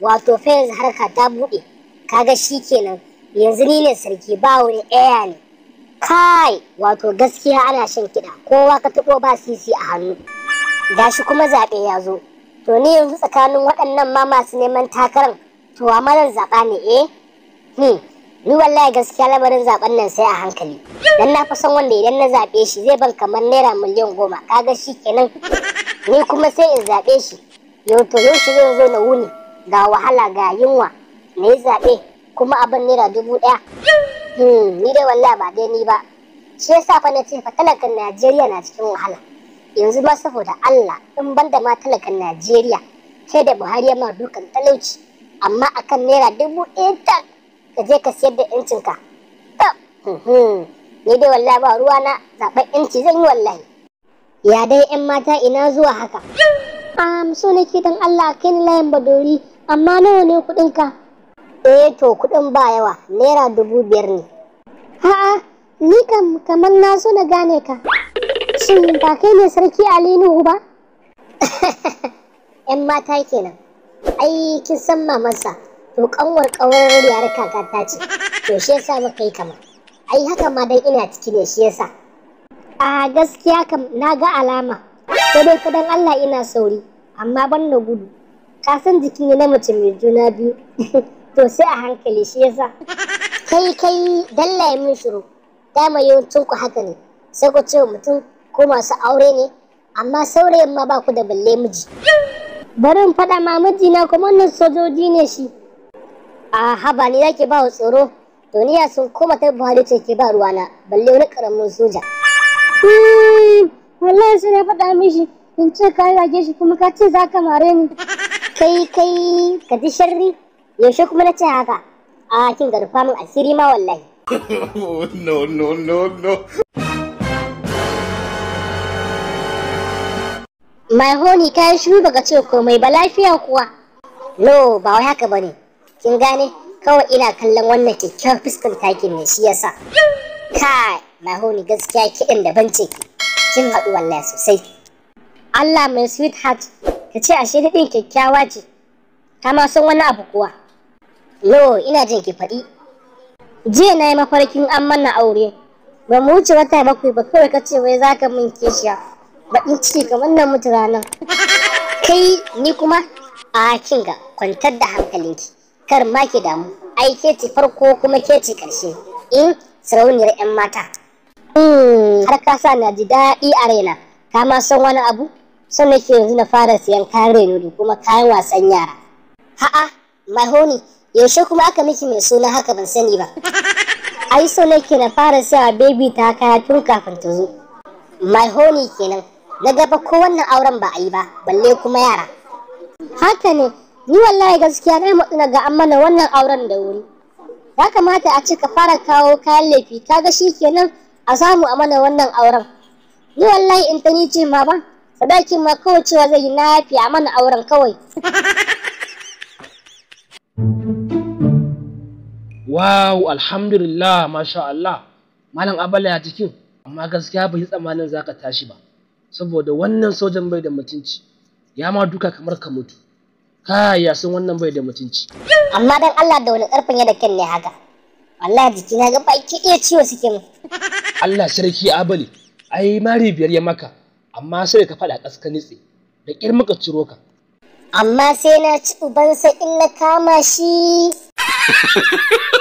wato fa yanzu harka ta buɗe kaga shi kenan yanzu ni ne sarki ba wani ɗaya ne kai wato gaskiya ana shan kiɗa kowa ka taɓo ba sisi a hannu gashi kuma zaɓe ya zo to ni yanzu tsakanin waɗannan ma masu neman takarar to a zaɓa ne eh hmm. ni wallahi gaskiya lamarin zaɓen nan sai a hankali dan na fi son wanda idan na zaɓe shi zai ban kamar naira miliyan goma kaga shi kenan ni kuma sai in zaɓe shi yau to yau shi zai zo na wuni ga wahala ga yunwa na yi zaɓe kuma abin naira dubu ɗaya hmm, ni dai wallahi ba dai ni ba shi yasa fa na ce fa talakan Najeriya na cikin wahala yanzu ma saboda Allah in ban da ma talakan Najeriya sai da Buhari ya ma dukan talauci amma akan naira dubu ɗaya ta, ka je ka siyar da yancinka hmm, ni dai wallahi ba ruwa na zaɓen yanci zan yi wallahi ya dai 'yan mata ina zuwa haka am so nake dan Allah ke ni layin badori amma nawa ne kuɗinka. ka eh to kuɗin ba yawa naira dubu biyar ne a'a ni kam kamar na so na gane ka shin ba kai ne sarki Ali Nuhu ba yan mata kenan ai kin san mamansa to kanwar kawar yar kakata ce to shi yasa muka yi kama ai haka ma dan ina ciki ne shi yasa a gaskiya kam na ga alama Sai dai kadan Allah ina sauri, amma ban da gudu. Ka san jikin ne na mace mai juna biyu, to sai a hankali shi yasa. Kai kai dalla ya min shiru, dama yawancin ku haka ne, sai ku ce mutum ko masu aure ne, amma saurayin ma ba ku da balle miji. Bari in faɗa ma na kuma wannan sojoji ne shi. A haba ni yake ba wa tsoro, duniya sun koma ta buhari ce ke ba ruwana, balle wani ƙaramin soja. wallahi sai na faɗa mishi in ce ka zage shi kuma ka ce za ka mare ni kai kai ka ji sharri yaushe kuma na ce haka a kin ga rufa min asiri ma wallahi no no no no mai honi yi shiru daga ce komai ba lafiya kuwa no ba wai haka bane kin gane kawai ina kallon wannan kyakkyawar fuskar takin ne shi yasa kai mai honi gaskiya kiɗin da ban ce kin haɗu wallahi sosai Allah mai sweetheart ka ce ashe daɗin kyakkyawa ce ta ma sun wani abu kuwa Lo, ina jin ki faɗi jiya na yi mafarkin an mana aure ba mu wuce wata bakwai ba kawai ka ce wai za ka min keshiya baɗin ciki kamar na mutu ranar kai ni kuma a ga kwantar da hankalinki kar ma ki damu ai ke ce farko kuma ke ce ƙarshe in sarauniyar 'yan mata Hmm, har ka sa na ji daɗi a raina ka ma san wani abu son nake yanzu na fara siyan kayan reno da kuma kayan wasan yara ha'a honi yaushe kuma aka miki mai suna haka ban sani ba ai so nake na fara siya baby ta kaya tun kafin ta zo honi kenan na gaba ko wannan auren ba a yi ba balle kuma yara haka ne ni wallahi gaskiya na yi na ga an mana wannan auren da wuri ya kamata a ce ka fara kawo kayan laifi ka ga shi kenan a samu a mana wannan auren ni wallahi in ta ni ce ma ba sadakin ma kawai cewa zai yi na yafi a mana auren kawai wow alhamdulillah masha Allah malam abala ya jikin amma gaskiya bai tsammanin ka tashi ba saboda wannan sojan bai da mutunci ya ma duka kamar ka mutu kaya sun wannan bai da mutunci amma dan Allah da wani karfin ya da ne haka wallahi jikina ga baki iya ciwo suke mu Allah sarki abali ai mari biyar ya maka amma sai ka faɗa ƙas nitse da ƙyar muka ciro ka amma sai na ci ubansa in na kama shi